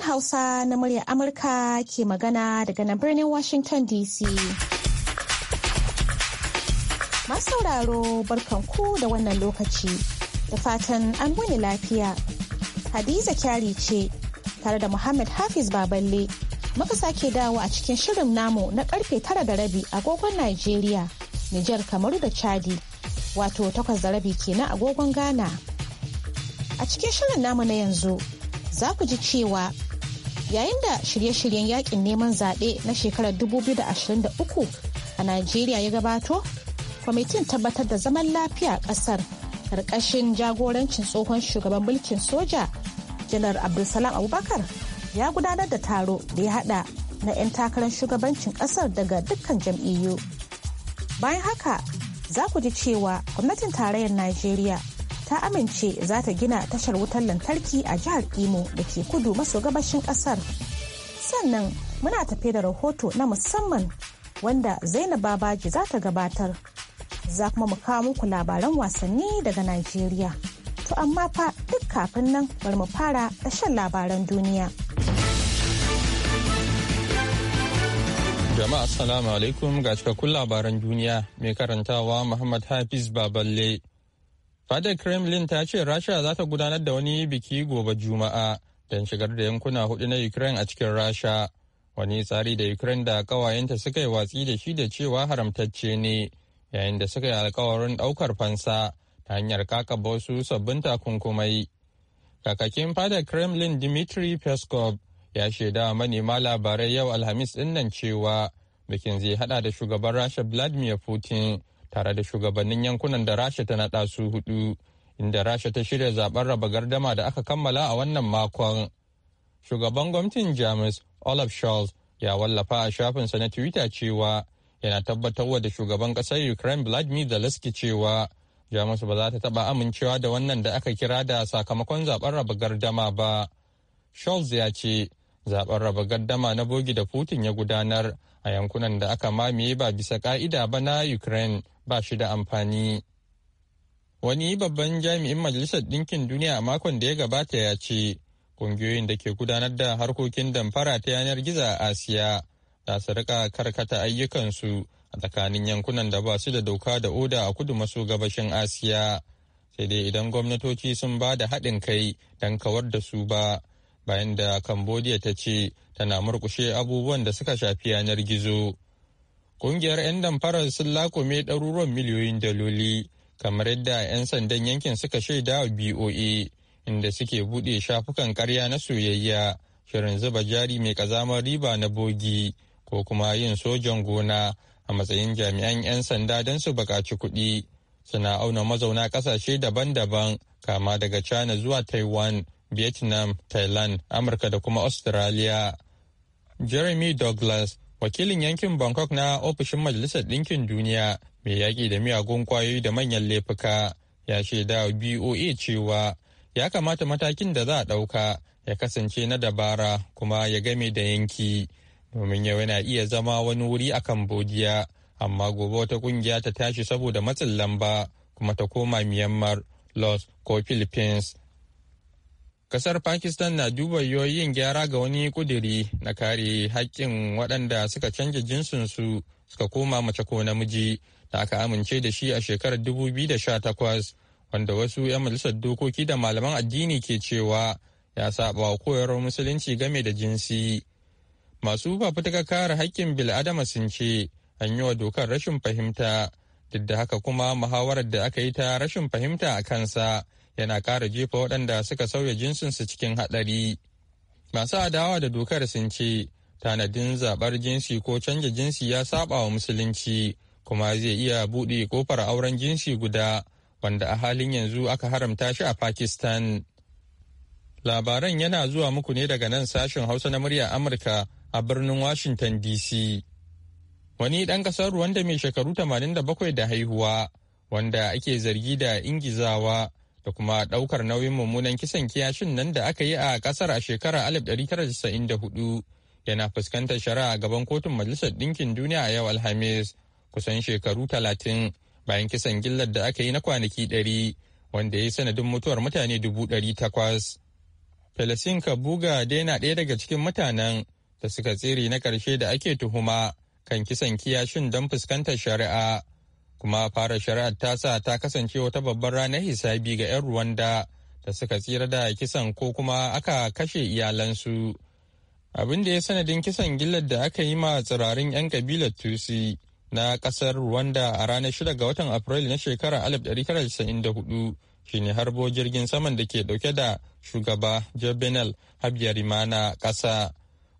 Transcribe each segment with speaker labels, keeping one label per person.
Speaker 1: sashen Hausa na muryar Amurka ke magana daga nan birnin Washington DC. Masu sauraro barkanku da wannan lokaci da fatan an wani lafiya. Hadiza kyari ce tare da Muhammad Hafiz Baballe muka sake dawo a cikin shirin namu na karfe tara da rabi agogon Najeriya, Nijar Kamaru da Chadi, wato takwas da rabi kenan agogon Ghana. A cikin shirin namu na yanzu za ku ji cewa yayin da shirye-shiryen yakin neman zaɓe na shekarar 2023 a najeriya ya gabato kwamitin tabbatar da zaman lafiya ƙasar ƙarƙashin jagorancin tsohon shugaban mulkin soja janar abdulsalam abubakar ya gudanar da taro da ya haɗa na 'yan takarar shugabancin ƙasar daga dukkan jam'iyyu bayan haka za ku ji cewa gwamnatin tarayyar najeriya ta amince za ta gina tashar wutar lantarki a jihar imo da ke kudu maso gabashin kasar sannan muna tafe da rahoto na musamman wanda zainab babaji za ta gabatar za kuma mu kawo muku labaran wasanni daga najeriya to amma fa duk kafin nan bari mu fara da labaran duniya
Speaker 2: jama'a assalamu alaikum ga cikakkun labaran duniya mai karantawa muhammad hafiz baballe fadar kremlin ta ce rasha za ta gudanar da wani biki gobe juma'a don shigar da yankuna hudu na ukraine a cikin rasha wani tsari da ukraine da kawayenta suka yi watsi da shi da cewa haramtacce ne yayin da suka yi alkawarin daukar fansa ta hanyar kakaba wasu sabbin takunkumai kakakin fadar kremlin dmitry peskov ya shaida manema labarai yau alhamis din cewa bikin zai hada da shugaban rasha vladimir putin tare da shugabannin yankunan da rasha ta naɗa su hudu inda rasha ta shirya zaben raba gardama da aka kammala a wannan makon shugaban gwamnatin jamus olaf scholz ya wallafa a shafinsa na twitter cewa yana tabbatarwa da shugaban ƙasar ukraine vladimir zelensky cewa jamus ba za ta taɓa amincewa da wannan da aka kira da sakamakon zaben raba gardama ba scholz ya ce zaben raba gardama na bogi da putin ya gudanar a yankunan da aka mamaye ba bisa ka'ida ba na ukraine ba shi da amfani. Wani babban jami'in Majalisar Ɗinkin Duniya a makon da ya gabata ya ce, ƙungiyoyin da ke gudanar da harkokin damfara ta yanar gizo a Asiya za su rika karkata ayyukansu a tsakanin yankunan da ba su da doka da oda a kudu maso gabashin Asiya. Sai dai idan gwamnatoci sun ba da haɗin kai don kawar da su ba, bayan da Cambodia ta ce tana murƙushe abubuwan da suka shafi yanar gizo. Ƙungiyar 'yan damfarar sun lakome ɗaruruwan miliyoyin daloli, kamar yadda 'yan sandan yankin suka shaida wa BOA, inda suke buɗe shafukan ƙarya na soyayya, shirin zuba jari mai ƙazamar riba na bogi, ko kuma yin sojan gona a matsayin jami'an 'yan sanda don su buƙaci kuɗi. Suna auna mazauna ƙasashe daban-daban, kama daga China zuwa Taiwan, Vietnam, Thailand, Amurka da kuma Australia. Jeremy Douglas wakilin yankin bangkok na ofishin majalisar ɗinkin duniya mai yaƙi da miyagun kwayoyi da manyan laifuka ya shaida boa cewa ya kamata matakin da za a ɗauka ya kasance na dabara kuma ya game da yanki domin yau yana iya zama wani wuri a cambodia amma gobe wata kungiya ta tashi saboda matsin lamba kuma ta koma myanmar laos ko philippines Kasar Pakistan na duba yoyin gyara ga wani kuduri na kare haƙƙin waɗanda suka canja jinsinsu suka koma mace ko namiji da aka amince da shi a shekarar 2018 wanda wasu 'yan majalisar dokoki da malaman addini ke cewa ya saba wa koyarwar musulunci game da jinsi. Masu fafutukar kare haƙƙin bil'adama sun ce an yi wa dokar rashin fahimta duk da haka kuma muhawarar da aka yi ta rashin fahimta a kansa yana ƙara jefa waɗanda suka sauya jinsinsu cikin haɗari. Masu adawa da dokar sun ce tanadin zaɓar jinsi ko canja jinsi ya saba wa musulunci kuma zai iya buɗe kofar auren jinsi guda wanda a halin yanzu aka haramta shi a Pakistan. Labaran yana zuwa muku ne daga nan sashen Hausa na murya Amurka a birnin Washington DC. Wani ɗan ƙasar Rwanda mai shekaru 87 da haihuwa wanda ake zargi da ingizawa da kuma ɗaukar nauyin mummunan kisan kiyashin nan da aka yi a ƙasar a shekarar 1994 yana fuskantar shari'a gaban kotun majalisar ɗinkin duniya a yau alhamis kusan shekaru talatin bayan kisan gillar da aka yi na kwanaki ɗari wanda ya yi sanadin mutuwar mutane dubu ɗari takwas. buga Kabuga daina ɗaya daga cikin mutanen da suka tsere na ƙarshe da ake tuhuma kan kisan kiyashin don fuskantar shari'a kuma fara shari'ar ta sa ta kasance wata babbar ranar hisabi ga 'yan Ruwanda da suka tsira da kisan ko kuma aka kashe iyalansu. Abin da ya sanadin kisan gillar da aka yi ma tsirarin 'yan kabilar Tusi na kasar ruwanda a ranar 6 ga watan Afrilu na shekarar 1994 shine harbo jirgin saman da ke dauke da shugaba Jovenel Habyarimana kasa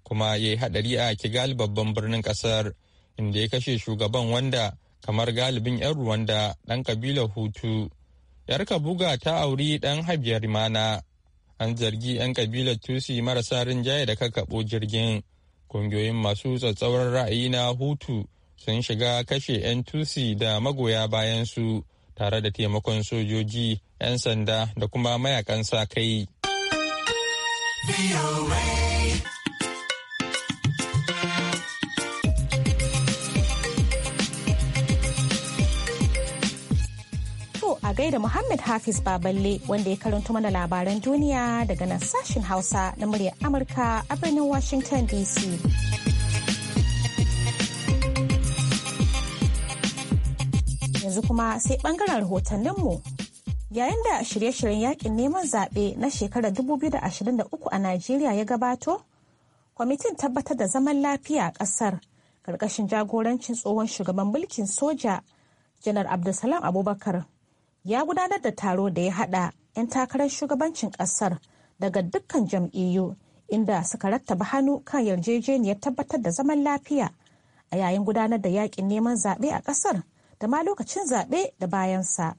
Speaker 2: kuma ya yi haɗari a Kigali babban birnin kasar inda ya kashe shugaban wanda kamar galibin 'yan da ɗan kabilar Hutu. ‘Yar Kabuga ta auri ɗan Habiyar Mana. An zargi 'yan kabilar Tusi marasa rinjaye da kakaɓo jirgin. Kungiyoyin masu tsatsauran ra'ayi na Hutu sun shiga kashe 'yan Tusi da magoya bayansu tare da taimakon sojoji, 'yan sanda da kuma mayakan sa kai.
Speaker 1: a gaida Muhammad Hafiz Baballe wanda ya karanto mana labaran duniya daga nan sashen Hausa na muryar Amurka a birnin Washington DC. Yanzu kuma sai bangaren rahotanninmu. Yayin da shirye-shiryen yakin neman zaɓe na shekarar 2023 a Najeriya ya gabato, kwamitin tabbatar da zaman lafiya a ƙasar ƙarƙashin jagorancin tsohon shugaban mulkin soja janar abdulsalam abubakar ya gudanar da taro da ya hada 'yan takarar shugabancin kasar daga dukkan jam'iyyu inda suka rattaba hannu kan yarjejeniyar tabbatar da zaman lafiya a yayin gudanar da yakin neman zaɓe a ƙasar da ma lokacin zaɓe da bayansa.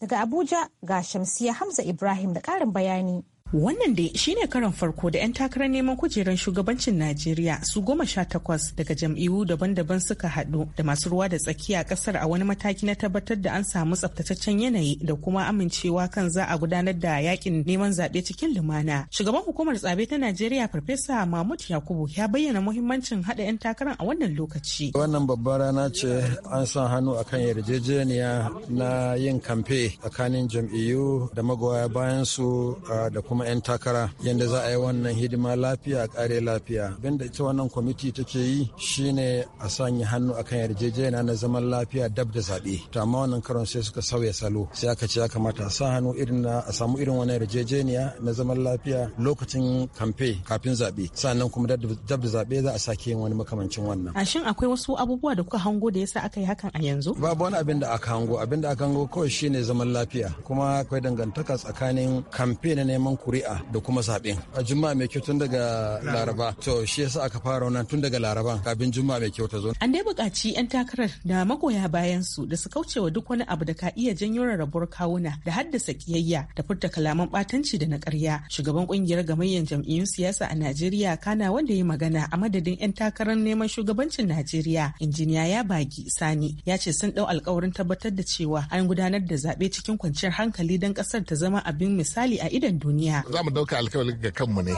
Speaker 1: Daga Abuja ga Shamsiya Hamza Ibrahim da ƙarin bayani.
Speaker 3: Wannan dai shine karan farko da 'yan takarar neman kujerar shugabancin Najeriya su goma sha takwas daga jam'iyyu daban-daban suka haɗu da masu ruwa da tsakiya ƙasar a wani mataki na tabbatar da an samu tsaftataccen yanayi da kuma amincewa kan za a gudanar da yakin neman zaɓe cikin lumana. Shugaban hukumar tsabe ta Najeriya Farfesa Mahmud Yakubu ya bayyana muhimmancin haɗa 'yan takarar a wannan
Speaker 4: lokaci. Wannan babbar rana ce an sa hannu akan yarjejeniya na yin kamfe tsakanin jam'iyyu da magoya bayan su ah, da kuma kuma 'yan takara yadda za a yi wannan hidima lafiya a kare lafiya abinda ita wannan kwamiti take yi shine a sanya hannu akan yarjejeniya na zaman lafiya dab da zaɓe to amma wannan karon sai suka sauya salo sai aka ce ya kamata a sa hannu irin na a samu irin wannan yarjejeniya na zaman lafiya lokacin kamfe kafin zaɓe sannan kuma dab da zaɓe za a sake yin wani makamancin wannan
Speaker 3: a shin akwai wasu abubuwa da kuka hango da yasa aka yi hakan a yanzu
Speaker 4: babu wani abin da aka hango abin da aka hango kawai shine zaman lafiya kuma akwai dangantaka tsakanin kamfe na neman ku kuri'a da kuma zaɓen a juma'a mai kyau tun daga laraba to shi yasa aka fara wannan tun daga laraba kafin juma'a mai kyau ta zo
Speaker 3: an dai buƙaci 'yan takarar da magoya bayan su da su kaucewa duk wani abu da ka iya janyo rarrabuwar kawuna da haddasa kiyayya da furta kalaman batanci da na ƙarya shugaban ƙungiyar gamayyar jam'iyyun siyasa a najeriya kana wanda ya magana a madadin 'yan takarar neman shugabancin najeriya injiniya ya bagi sani ya ce sun ɗau alkawarin tabbatar da cewa an gudanar da zaɓe cikin kwanciyar hankali don ƙasar ta zama abin misali a idon duniya
Speaker 5: za mu dauka alkawali ga kanmu ne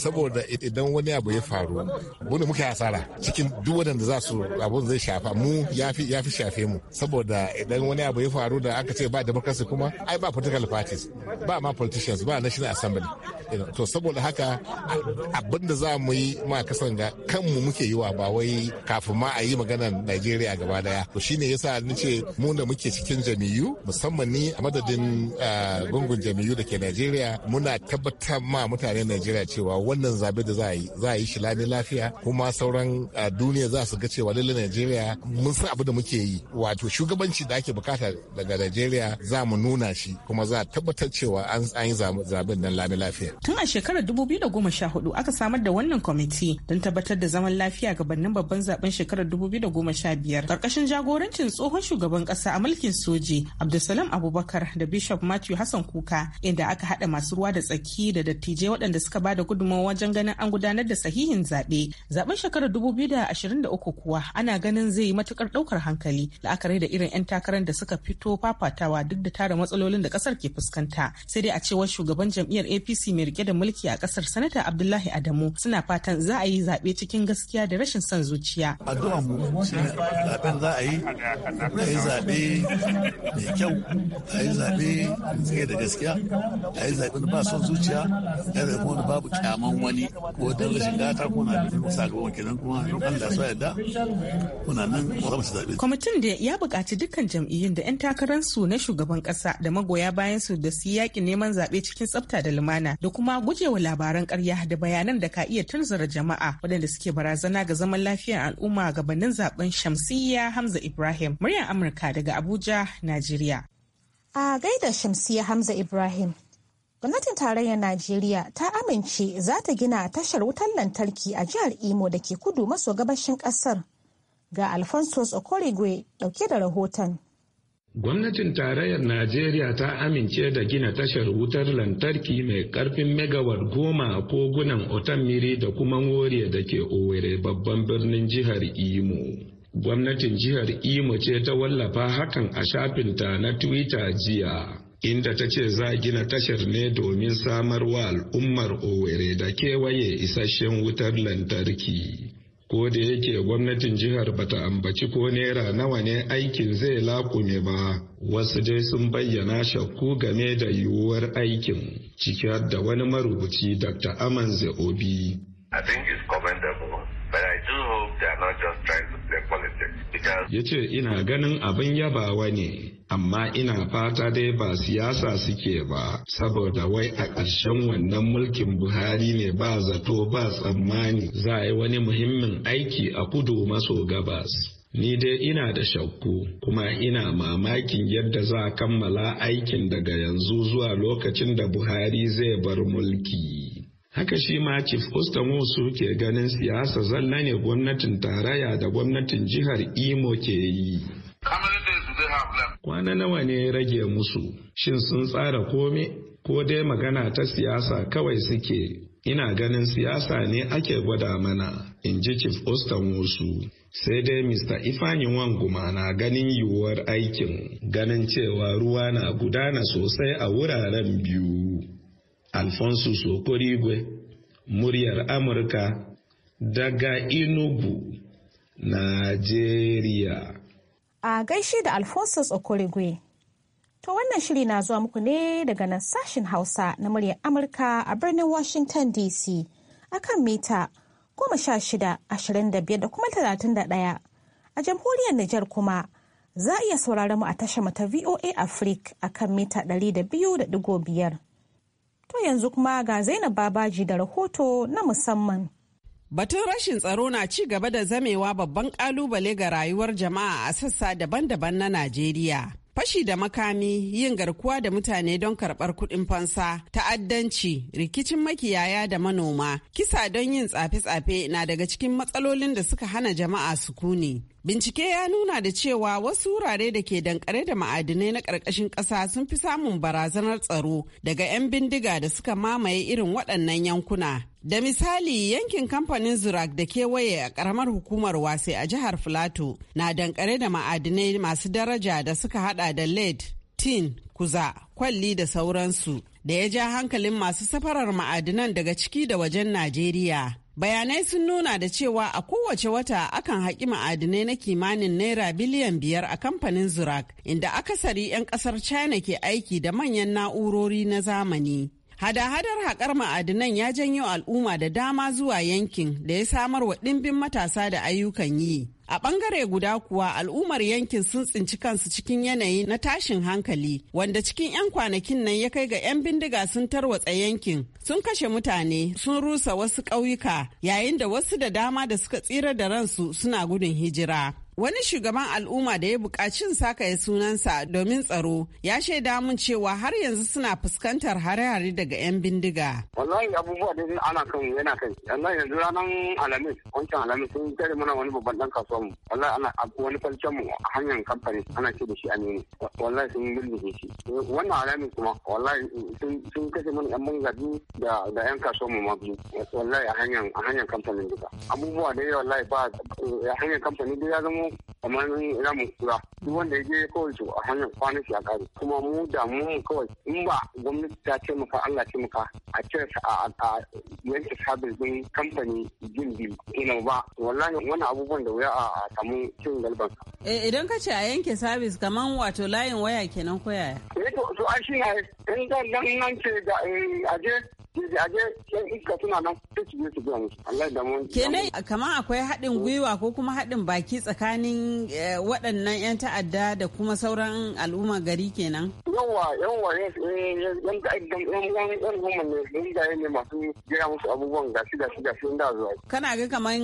Speaker 5: saboda idan wani abu ya faru wani muka asara cikin duk wadanda za su abun zai shafa mu ya fi shafe mu saboda idan wani abu ya faru da aka ce ba democracy kuma ai ba political parties ba ma politicians ba national assembly to saboda haka abin da za mu yi ma kasan ga kanmu muke yi wa ba wai kafin ma a yi maganar Najeriya gaba daya to shine yasa ni ce mu da muke cikin jami'u musamman ni a madadin eh, gungun jami'u da ke Najeriya mun ina tabbatar ma mutanen najeriya cewa wannan zabe da za a yi za a yi shi lami lafiya kuma sauran duniya za su ga cewa lalle najeriya mun san abu da muke yi wato shugabanci da ake bukata daga najeriya za mu nuna shi kuma za a tabbatar cewa an yi zaben nan lami lafiya
Speaker 3: tun a shekarar 2014 aka samar da wannan kwamiti don tabbatar da zaman lafiya gabanin babban zaben shekarar 2015 karkashin jagorancin tsohon shugaban kasa a mulkin soji abdulsalam abubakar da bishop matthew hassan kuka inda aka haɗa masu ruwa da tsaki da dattijai waɗanda suka ba da gudunmawa wajen ganin an gudanar da sahihin zaɓe. Zaɓen shekarar 2023 kuwa ana ganin zai yi matukar ɗaukar hankali la'akari da irin 'yan takarar da suka fito fafatawa duk da tara matsalolin da ƙasar ke fuskanta. Sai dai a cewar shugaban jam'iyyar APC mai rike da mulki a ƙasar Sanata Abdullahi Adamu suna fatan za a yi zaɓe cikin gaskiya da rashin son zuciya. Addu'a zaɓen
Speaker 4: za a yi, zaɓe
Speaker 6: mai kyau, a yi zaɓe da gaskiya, a yi zaɓen ba son zuciya ya zai kuma babu kyaman wani ko don rashin gata kuna da sakamakon kenan kuma
Speaker 3: Allah yadda
Speaker 6: kuna nan kuma su zaɓe.
Speaker 3: Kwamitin da ya buƙaci dukkan jam'iyyun da 'yan takararsu na shugaban ƙasa da magoya bayan su da su yaƙi neman zaɓe cikin tsafta da lumana da kuma gujewa labaran ƙarya da bayanan da ka iya tunzara jama'a waɗanda suke barazana ga zaman lafiyar al'umma gabanin zaɓen Shamsiyya Hamza Ibrahim. Muryar Amurka daga Abuja, Najeriya.
Speaker 1: A gaida Shamsiyya Hamza Ibrahim. Gwamnatin tarayyar Najeriya ta amince za ta gina tashar wutar lantarki a jihar Imo da ke kudu maso gabashin kasar Ga Alphonsus Okorigwe ɗauke da rahoton.
Speaker 5: Gwamnatin tarayyar Najeriya ta amince da gina tashar wutar lantarki mai karfin megawar goma a kogunan miri da kuma Ngoriya da ke owere babban birnin jihar Imo. Gwamnatin jihar Imo ce ta wallafa hakan a shafinta na Twitter jiya. inda ta ce za gina tashar ne domin samar wa al'ummar Owerri da kewaye isasshen wutar lantarki. Ko da yake gwamnatin jihar bata ambaci ko nera nawa ne aikin zai lakume ba, wasu dai sun bayyana shakku game da yiwuwar aikin, ciki da wani marubuci Dr. Amanze Obi. I think it's commendable, but I do hope they are not just trying to Ya ce ina ganin abin yabawa ne, amma ina fata dai ba siyasa suke ba, saboda wai a ƙarshen wannan mulkin Buhari ne ba zato ba tsammani za a yi wani muhimmin aiki a kudu maso gabas. Ni dai ina da shakku kuma ina mamakin yadda za a kammala aikin daga yanzu zuwa lokacin da Buhari zai bar mulki. Haka shi ma Chief Ostamosu ke ganin siyasa zalla ne gwamnatin tarayya da gwamnatin jihar Imo ke yi. Kwana nawa ne rage musu, shin sun tsara kome ko dai magana ta siyasa kawai suke ina ganin siyasa ne ake gwada mana, in ji Chief Ostamosu. Sai dai Mr. Ifani Wanguma na ganin yiwuwar aikin, ganin cewa ruwa na gudana sosai a wuraren biyu. Alphonsus Okorigwe, muryar Amurka daga Inugu, Najeriya.
Speaker 1: A gaishe da Alphonsus Okorigwe. To wannan shiri na zuwa muku ne daga nan sashen Hausa na muryar Amurka a birnin Washington DC akan mita goma sha shida ashirin da kuma talatin ɗaya. A jamhuriyar Nijar kuma za a iya sauraron mu a tashar mata VOA Africa akan mita ɗari biyar. To yanzu kuma ga Zainab Babaji da rahoto na musamman.
Speaker 7: Batun rashin tsaro na ci gaba da zamewa babban kalubale ga rayuwar jama'a a sassa daban-daban na Najeriya. Fashi da makami, yin garkuwa da mutane don karɓar kuɗin fansa, ta'addanci, rikicin makiyaya da manoma, kisa don yin tsafe-tsafe na daga cikin matsalolin da suka hana jama'a sukuni. Bincike ya nuna da cewa wasu wurare da ke dankare da ma'adinai na ƙarƙashin ƙasa sun fi samun barazanar tsaro daga 'yan bindiga da suka mamaye irin waɗannan yankuna. Da misali yankin kamfanin Zurak da kewaye a ƙaramar hukumar wase a jihar Filato na dankare da ma'adinai masu daraja da suka hada da lead, tin, kuza, kwalli da sauransu da ya ja hankalin masu safarar ma'adinan daga ciki da wajen Najeriya. Bayanai sun nuna da cewa a kowace wata akan haƙi ma'adinai na kimanin naira biliyan biyar a kamfanin Zurak, inda akasari 'yan ƙasar China ke aiki da manyan na'urori na zamani. Hada-hadar haƙar ma'adinan ya janyo al'umma da dama zuwa yankin da ya samar wa ɗimbin matasa da ayyukan yi. A ɓangare guda kuwa al'ummar yankin sun tsinci kansu cikin yanayi na tashin hankali wanda cikin 'yan kwanakin nan ya kai ga 'yan bindiga sun tarwatsa yankin sun kashe mutane sun rusa wasu ƙauyuka yayin da wasu da dama da suka tsira da ransu suna gudun hijira. Wani shugaban al'umma da ya buƙacin sakaye sunansa domin tsaro ya shaida mun cewa har yanzu suna fuskantar hare-hare daga 'yan bindiga.
Speaker 8: Wallahi abubuwa da ana kan yana kai. Wallahi yanzu ranar alamis, wancan alamis sun tare mana wani babban dan kasuwa mu. Wallahi ana wani falcen mu a hanyar kamfani ana ce da shi a nini. Wallahi sun mulmuke shi. Wannan alamis kuma wallahi sun kashe mana 'yan bangadu da da 'yan kasuwa mu ma biyu. Wallahi a hanyar a hanyar kamfanin duka. Abubuwa da yawa wallahi ba a hanyar kamfanin duka ya zama mu kamar za mu kura duk wanda ya je kawai to a hanyar kwanan shi a kare kuma mu da mu kawai in ba gwamnati ta muka Allah taimaka a cire a yanke sabis din kamfani jin biyu ina ba wallahi wani abubuwan da wuya a samu cin galban.
Speaker 7: idan ka ce a yanke sabis kaman wato layin waya kenan ko eh to to an shi ne in zan nan ce da eh, aje a kamar akwai haɗin gwiwa ko kuma haɗin baki tsakanin eh, waɗannan yan ta'adda da kuma sauran al'umma gari kenan yawa yawa eh, eh, yan ta'adda yan yan goma
Speaker 8: ne yan gaye ne masu gaya musu abubuwan gashi gashi gashi da zuwa
Speaker 7: kana ga kamar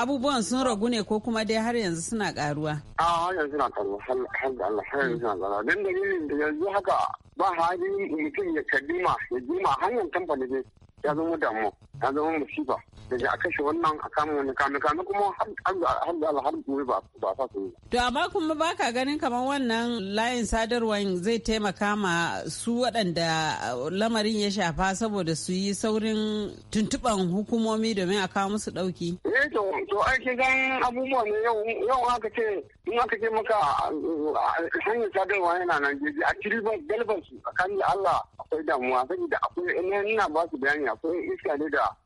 Speaker 7: abubuwan sun ragu ne ko kuma dai har yanzu suna karuwa
Speaker 8: a ah, har yanzu na karuwa har yanzu na karuwa dan da yanzu haka ba hali mutum ya kalima ya jima hanyar kamfani ne ya zama damu ya zama musiba da a kashe wannan a kama wani kamun kamun kuma har da har gobe ba a sa su
Speaker 7: to amma kuma baka ganin kamar wannan layin sadarwar zai taimaka ma su waɗanda uh, lamarin ya shafa saboda su yi saurin tuntuɓan hukumomi domin a kawo musu ɗauki. ne eh, to to ai gan
Speaker 8: abubuwa ne yau yau aka ce in aka ce maka uh, hanyar sadarwa yana Najeriya a kiri ban galibansu su kan Allah akwai damuwa da akwai ina ina ba su bayani akwai iska ne da da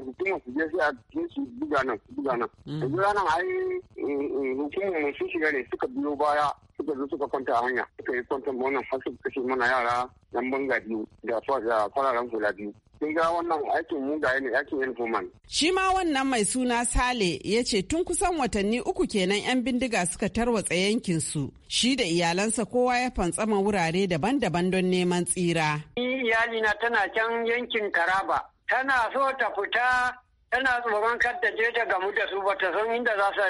Speaker 8: hukumar su je sai a cikin su buga nan buga nan mm. yanzu ranar ai eh, eh, hukumar mai sun ne suka biyo baya suka zo suka kwanta a hanya suka yi kwanta wannan har suka kashe mana yara yan banga biyu da fararen kula biyu Sun ga wannan aikin mugaye ne aikin yan human.
Speaker 7: Shi ma wannan mai suna Sale ya ce tun kusan watanni uku kenan 'yan bindiga suka tarwatsa yankin su. Shi da iyalansa kowa ya fantsama wurare daban-daban don neman tsira.
Speaker 9: Ni iyalina tana can yankin Karaba. Tana so ta fita tana tsoron kar ta je ta gamu da su bata san inda za su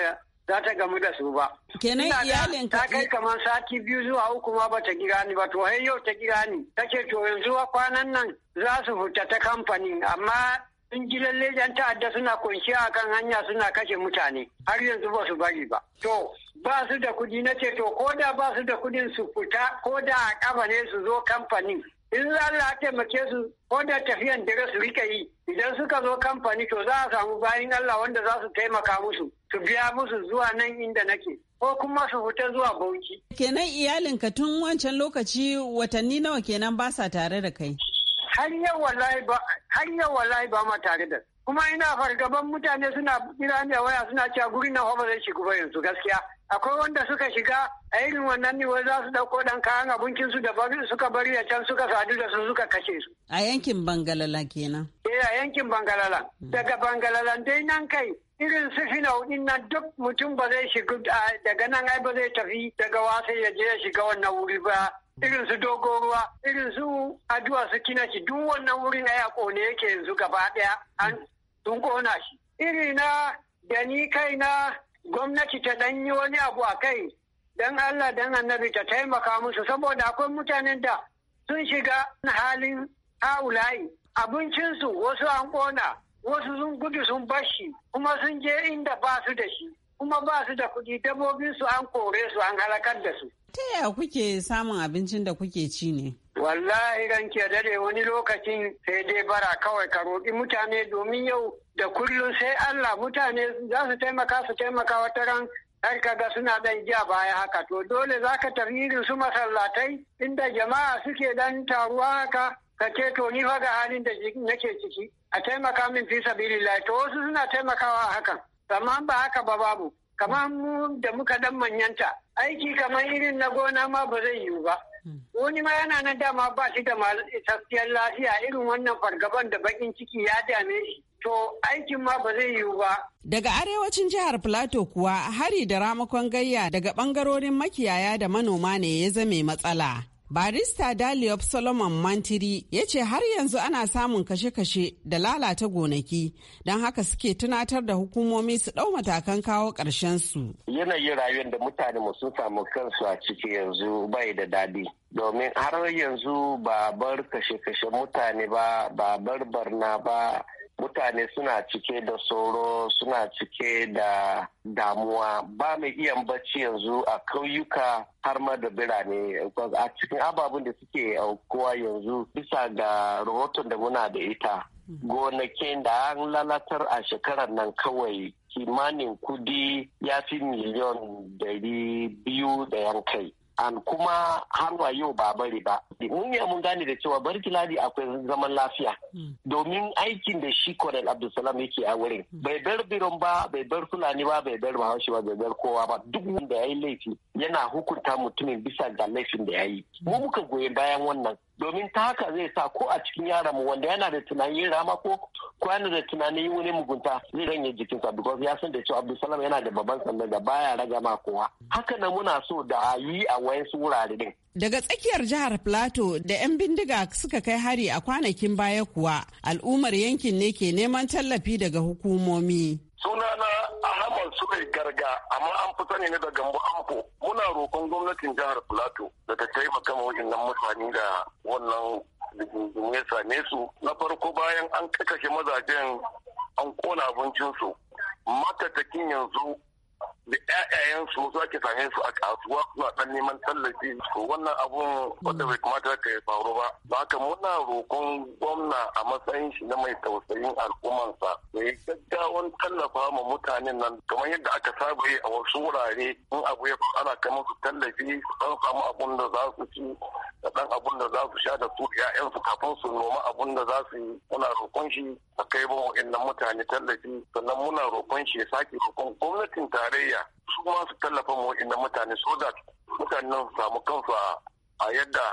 Speaker 9: za ta gamu da su ba. Kenan iyalin ka ta kai kamar sati biyu zuwa uku ma ba ta gira ni ba to har yau ta gira ni ta ce to yanzu kwanan nan za su fita ta kamfani amma sun ji lalle yan ta'adda suna kunshi a kan hanya suna kashe mutane har yanzu ba su bari ba. To ba su da kudi na ce to ko da ba su da kudin su fita ko da a kafa ne su zo kamfanin in za Allah taimake su ko da tafiyan dare su rika yi idan suka zo kamfani to za a samu bayan Allah wanda za su taimaka musu su biya musu zuwa nan inda nake ko kuma su fita zuwa bauchi.
Speaker 7: Kenan iyalinka tun wancan lokaci watanni nawa kenan ba sa tare da kai?
Speaker 9: Har yau wallahi ba ma tare da kuma ina fargaban mutane suna kira ne waya suna cewa gurin na ba zai shiga yanzu gaskiya. Akwai wanda suka shiga a irin wannan ne za su dauko dan kayan abincin su da bari suka bari da can suka sadu da su suka kashe su.
Speaker 7: A yankin Bangalala kenan.
Speaker 9: Eh a yankin Bangalala. Hmm. Daga Bangalala dai nan kai irin su filauɗin nan duk mutum ba zai shiga daga nan ai ba zai tafi daga wasa ya je ya shiga wannan wuri ba irin su dogon ruwa irin su aduwa su kina shi duk wannan wurin ai a kone yake yanzu gaba ɗaya an sun kona shi iri na da ni kai na gwamnati ta ɗan yi wani abu a kai dan Allah dan annabi ta taimaka musu saboda akwai mutanen da sun shiga halin haulayi abincinsu wasu an kona wasu sun gudu sun bashi kuma sun je inda ba su da shi kuma ba su da kuɗi dabbobin su an kore su an halakar da su.
Speaker 7: Ta yaya kuke samun abincin da kuke ci ne?
Speaker 9: Wallahi ranke dare wani lokacin sai dai bara kawai ka roƙi mutane domin yau da kullum sai Allah mutane za su taimaka su taimaka wata ran har kaga suna dan ja baya haka to dole za ka tafi irin su masallatai inda jama'a suke dan taruwa haka ka ce to ni fa ga halin da nake ciki a taimaka min fi lai to wasu suna taimakawa a hakan amma ba haka ba babu kamar mu da muka dan manyanta aiki kamar irin na gona ma ba zai yiwu ba hmm. wani ma yana nan dama ba shi da tafiyar lafiya irin wannan fargaban da bakin ciki ya dame shi to aikin ma ba zai yiwu ba
Speaker 7: daga arewacin jihar plateau kuwa hari da ramakon gayya daga bangarorin makiyaya da manoma ne ya zame matsala Barista Daliop Solomon Mantiri ya ce har yanzu ana samun kashe-kashe da lalata gonaki don haka suke tunatar da hukumomi su ɗau matakan kawo su.
Speaker 10: Yanayin rayuwar da mutane sun samu kansu a ciki yanzu bai da daɗi. Domin har yanzu ba bar kashe-kashe mutane ba, ba bar barna ba, mutane suna cike da tsoro suna cike da damuwa ba mai iya bacci yanzu a kauyuka har ma da birane a cikin ababen da suke aukuwa yanzu bisa ga rahoton da muna da ita mhm. gonakin da an lalatar a shekarar nan kawai kimanin kudi ya fi miliyon dari biyu da yankai an kuma har wa yau ba bari ba mun ya mun gane da cewa barki ladi akwai zaman lafiya hmm. domin aikin da shi Colonel Abdulsalam yake a wurin hmm. bai bar biron ba bai bar Fulani ba bai bar Bahaushe ba bai bar kowa ba duk wanda ya yi laifi yana hukunta mutumin bisa ga laifin da ya yi mu mm. muka goyi bayan wannan domin ta haka zai sa ko a cikin yaran mu wanda yana da tunanin rama ko ko yana da tunanin wani mugunta zai ranye jikinsa because ya san da cewa Abdulsalam yana da babban sanda da baya raga ma kowa haka nan muna so da a yi a wayansu wurare din
Speaker 7: daga tsakiyar jihar Plateau da 'yan bindiga suka kai hari a kwanakin baya kuwa al'ummar yankin ne ke neman tallafi daga hukumomi
Speaker 6: sunana ahmad sukai garga amma an fi sani ne da gambo amfo muna roƙon gwamnatin jihar plato da ta taimaka ma waɗannan mutane da wannan ya same su na farko bayan an kakashe mazajen an kona abincinsu matatakin yanzu da ƴaƴayen su su ake same su a kasuwa su a ɗan neman tallafi su wannan abun wanda bai kamata ka yi faru ba ba haka muna roƙon gwamna a matsayin shi na mai tausayin al'ummansa da ya gaggawan tallafa ma mutanen nan kamar yadda aka saba yi a wasu wurare in abu ya ana kai musu tallafi su samu abun da za su ci da abunda abun da za su sha da su ‘ya'yansu kafin su noma abun da za su yi muna roƙon shi a kai ba wa'annan mutane tallafi sannan muna roƙon shi ya sake roƙon gwamnatin tarayya su ma su tallafa ma wa'annan mutane so da mutanen su samu kansu a yadda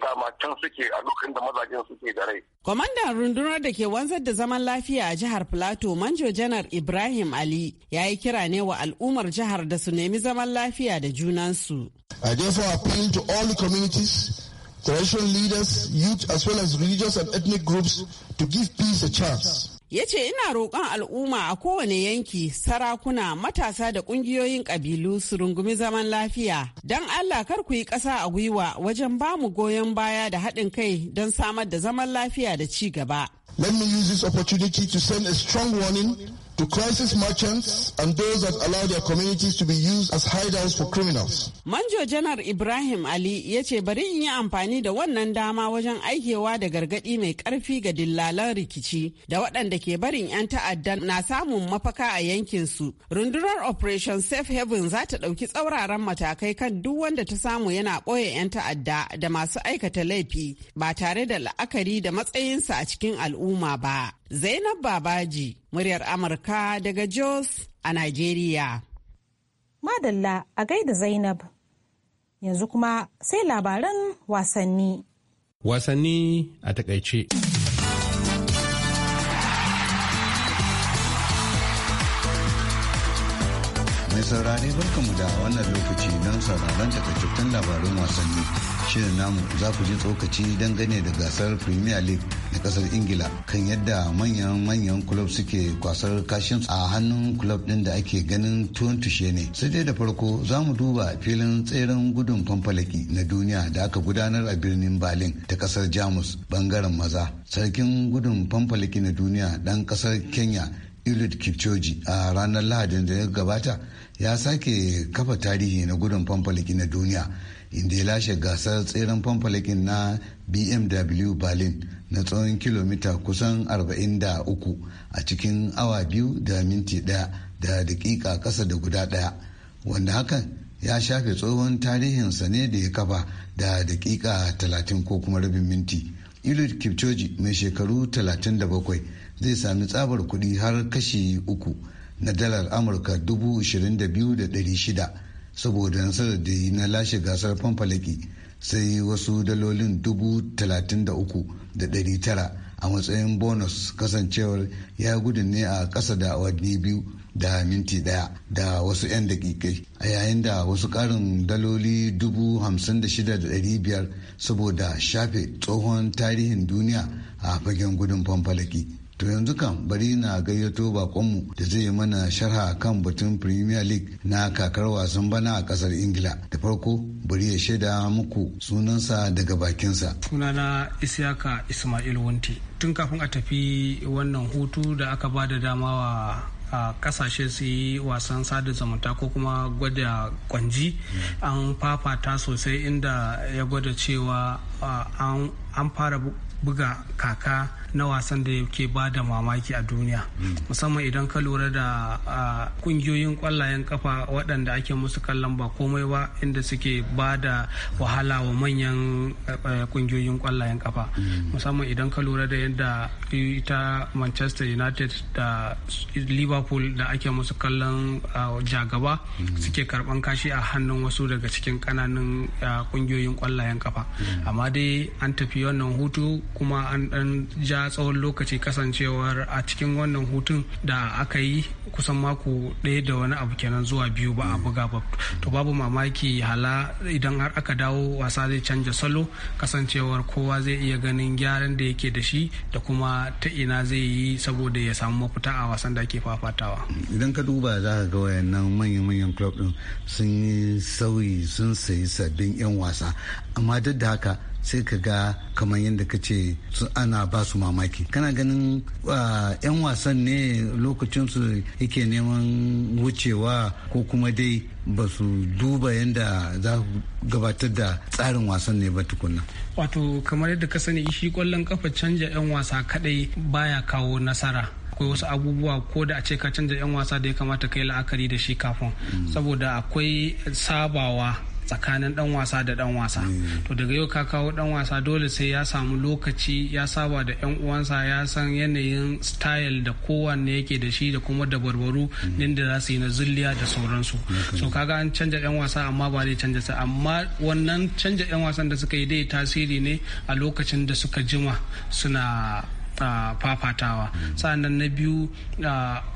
Speaker 6: dama can suke a lokacin da mazajen suke da rai.
Speaker 7: Kwamandan rundunar da ke wanzar da zaman lafiya a jihar Plateau Manjo Janar Ibrahim Ali ya yi kira ne wa al'ummar jihar da su nemi zaman lafiya da junansu.
Speaker 5: I therefore appeal to all the communities coalition leaders, youth, as well as religious and ethnic groups to give peace a chance.
Speaker 7: ya ce ina roƙon al'umma a kowane yanki sarakuna matasa da ƙungiyoyin ƙabilu su rungumi zaman lafiya don allah kar ku yi ƙasa a gwiwa wajen ba mu goyon baya da haɗin kai don samar da zaman lafiya da ci gaba
Speaker 5: Let me use this opportunity to send a strong warning to crisis merchants and those that allow their communities to be used as hideouts for criminals.
Speaker 7: Manjo Janar Ibrahim Ali ya ce bari in yi amfani da wannan dama wajen aikewa da gargaɗi mai ƙarfi ga dillalan rikici da waɗanda ke barin 'yan ta'adda na samun mafaka a yankinsu. Rundunar Operation Safe Haven za ta ɗauki tsauraran matakai kan duk wanda ta samu yana ɓoye 'yan ta'adda da masu aikata laifi ba tare da la'akari da matsayinsa a cikin al'umma ba. Zainab Babaji, muryar Amurka daga Jos a Najeriya. Madalla a gaida Zainab. Yanzu kuma sai labaran
Speaker 1: wasanni.
Speaker 2: Wasanni a takaice.
Speaker 11: saurare barkamu da wannan lokaci don sauraron takaitattun labarun wasanni. Shirin namu za ku ji tsokaci dangane da gasar Premier League na kasar Ingila kan yadda manyan manyan kulob suke kwasar kashin a hannun kulob din da ake ganin tuwon tushe ne. Sai dai da farko za mu duba filin tseren gudun fanfalaki na duniya da aka gudanar a birnin Berlin ta kasar Jamus bangaren maza. Sarkin gudun fanfalaki na duniya dan kasar Kenya Eliud Kipchoge a ranar Lahadin da ya gabata ya sake kafa tarihi na gudun fanfalaki na duniya inda ya lashe gasar tseren fanfalakin na bmw berlin na tsawon kilomita kusan 43 a cikin awa biyu da minti daya da dakika kasa da guda daya wanda hakan ya shafe tsohon tarihinsa ne da ya kafa da dakika 30 ko kuma rabin minti Eliud Kipchoge mai shekaru 37 zai sami tsabar kudi har kashi uku na dalar amurka 22,600 saboda nasarar da yi na lashe gasar famfalaki sai wasu dalolin 33,900 a matsayin bonus kasancewar ya gudu ne a ƙasa da awanni biyu da minti daya da wasu 'yan daƙiƙai a yayin da wasu ƙarin daloli 56,500 saboda shafe tsohon tarihin duniya a fagen gudun fanfalaki To yanzu kan bari na gayyato bakonmu da zai mana sharha kan batun Premier League na kakar wasan bana a kasar Ingila. Da farko bari ya shaida muku sunansa daga bakinsa.
Speaker 12: Sunana isyaka Ismail Wunti. Tun kafin a tafi wannan hutu da aka ba da dama wa a kasashe su yi wasan sada zamanta ko kuma gwada kwanji mm. an fafata sosai inda ya gwada cewa an fara buga kaka na wasan da ke ba da mamaki a duniya musamman idan ka lura da kungiyoyin kwallayen kafa waɗanda ake musu kallon ba komai ba inda suke ba da wahala wa manyan kungiyoyin kwallayen kafa musamman idan ka lura da yadda ita manchester united da liverpool da ake musu kallon jagaba suke karban kashi a hannun wasu daga cikin kananan kungiyoyin kwallayen kafa amma dai an tafi wannan hutu kuma an ja tsawon lokaci kasancewar a cikin wannan hutun da aka yi kusan mako ɗaya da wani abu kenan zuwa biyu ba a buga ba to babu mamaki hala idan har aka dawo wasa zai canja salo kasancewar kowa zai iya ganin gyaran da yake da shi da kuma ta ina zai yi saboda ya samu mafita a
Speaker 11: wasan da ake fafatawa idan ka duba za ka ga wayannan manyan-manyan club din sun yi sauyi sun sayi sabbin 'yan wasa amma duk da haka sai ka ga kamar yadda ka ce ana ba su mamaki kana ganin yan ah, wasan ne lokacinsu yake neman wucewa ko kuma dai ba su duba yadda za gabatar da tsarin wasan ne ba tukunna
Speaker 12: wato kamar yadda ka sani shi kwallon kafa canja yan wasa kadai baya kawo nasara akwai wasu abubuwa ko da a ce ka canza 'yan wasa da ya kamata kai la'akari da shi kafin hmm. saboda akwai sabawa tsakanin dan wasa da dan wasa mm. to daga yau ka kawo dan wasa dole sai ya samu lokaci ya saba da yan uwansa ya san yanayin style da kowanne yake da shi da kuma da barbaru mm. din da za su yi na zulliya da sauransu mm. so kaga an canja yan wasa amma ba zai canja sa amma wannan canja yan wasan da suka yi dai tasiri ne a lokacin da suka jima suna fafatawa sannan na biyu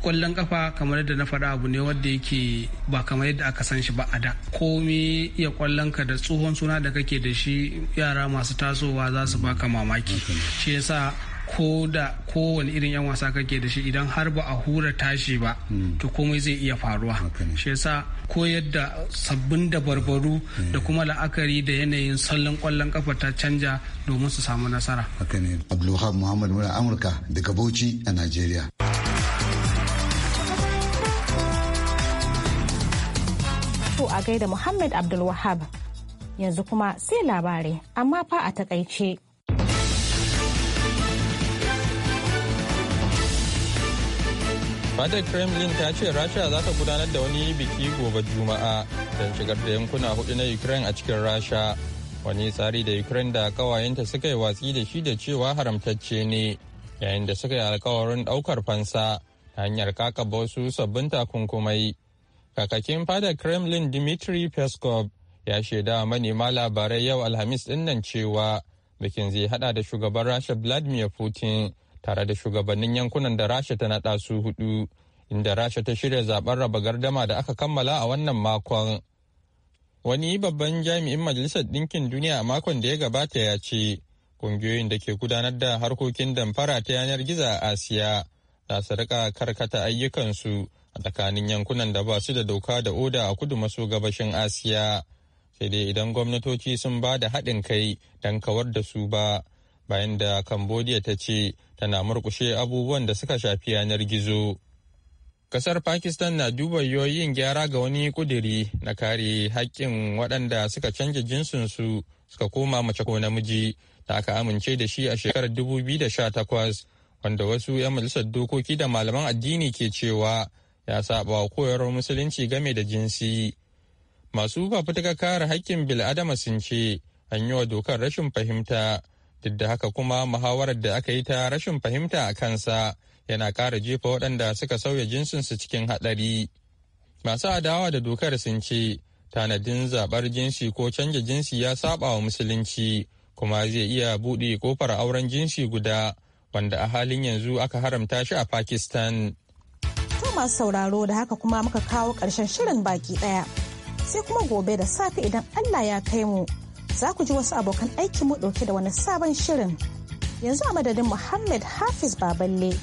Speaker 12: kwallon kafa kamar yadda na faɗa abu ne wanda yake ba kamar yadda aka san shi ba a da komai iya kwallon ka da tsohon suna da kake da shi yara masu tasowa za su baka mamaki shi yasa ko da kowane irin yan wasa kake da shi idan har ba a hura tashi ba hmm. to komai zai iya faruwa shi yasa koyar da sabbin dabarbaru hmm. da kuma la'akari da yanayin sallan kwallon kafa ta canja domin su samu nasara
Speaker 11: haka muhammad mura amurka daga bauchi a najeriya
Speaker 1: to a gaida muhammad abdulwahab yanzu kuma sai labarai amma fa a takaice
Speaker 2: fadar Kremlin ta ce Rasha za ta gudanar da wani biki gobe Juma'a don shigar da yankuna hudu na Ukraine a cikin Rasha. Wani tsari da Ukraine da kawayenta suka yi watsi da shi da cewa haramtacce ne yayin da suka yi alkawarin daukar fansa ta hanyar kakaba wasu sabbin takunkumai. Kakakin fadar Kremlin Dmitry Peskov ya shaida manema labarai yau Alhamis dinnan cewa bikin zai hada da shugaban Rasha Vladimir Putin. tare da shugabannin yankunan da rasha ta naɗa su hudu inda rasha ta shirya zaben raba gardama da aka kammala a wannan makon wani babban jami'in majalisar ɗinkin duniya a makon da ya gabata ya ce ƙungiyoyin da ke gudanar da harkokin damfara ta yanar gizo a asiya za su rika karkata ayyukansu a tsakanin yankunan da ba su da doka da oda a kudu maso gabashin asiya sai dai idan gwamnatoci sun ba da haɗin kai don kawar da su ba bayan da cambodia ta ce tana murkushe abubuwan da suka shafi yanar gizo kasar pakistan na duba yoyin gyara ga wani kuduri na kare haƙƙin waɗanda suka canja jinsinsu suka koma mace ko namiji da aka amince da shi a shekarar 2018 wanda wasu 'yan majalisar dokoki da malaman addini ke cewa ya saba wa koyarwar musulunci game da jinsi masu fafutukar kare haƙƙin bil'adama sun ce an yi wa dokar rashin fahimta duk da haka kuma muhawarar da aka yi ta rashin fahimta a kansa yana ƙara jefa waɗanda suka sauya jinsinsu cikin haɗari masu adawa da dokar sun ce tanadin zaɓar jinsi ko canja jinsi ya saba wa musulunci kuma zai iya buɗe kofar auren jinsi guda wanda a halin yanzu aka haramta shi a pakistan
Speaker 1: to masu sauraro da haka kuma muka kawo ƙarshen shirin baki ɗaya sai kuma gobe da safe idan allah ya kai mu za ku ji wasu abokan aikin mu ɗauke da wani sabon shirin. Yanzu a madadin Muhammad Hafiz Baballe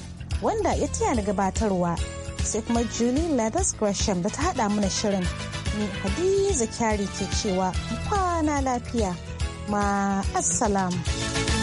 Speaker 1: wanda ya tiya ni gabatarwa sai kuma Julie Ladas Gresham da ta haɗa mana shirin. Ni Hadiza Kyari ke cewa kwana lafiya. Ma assalamu.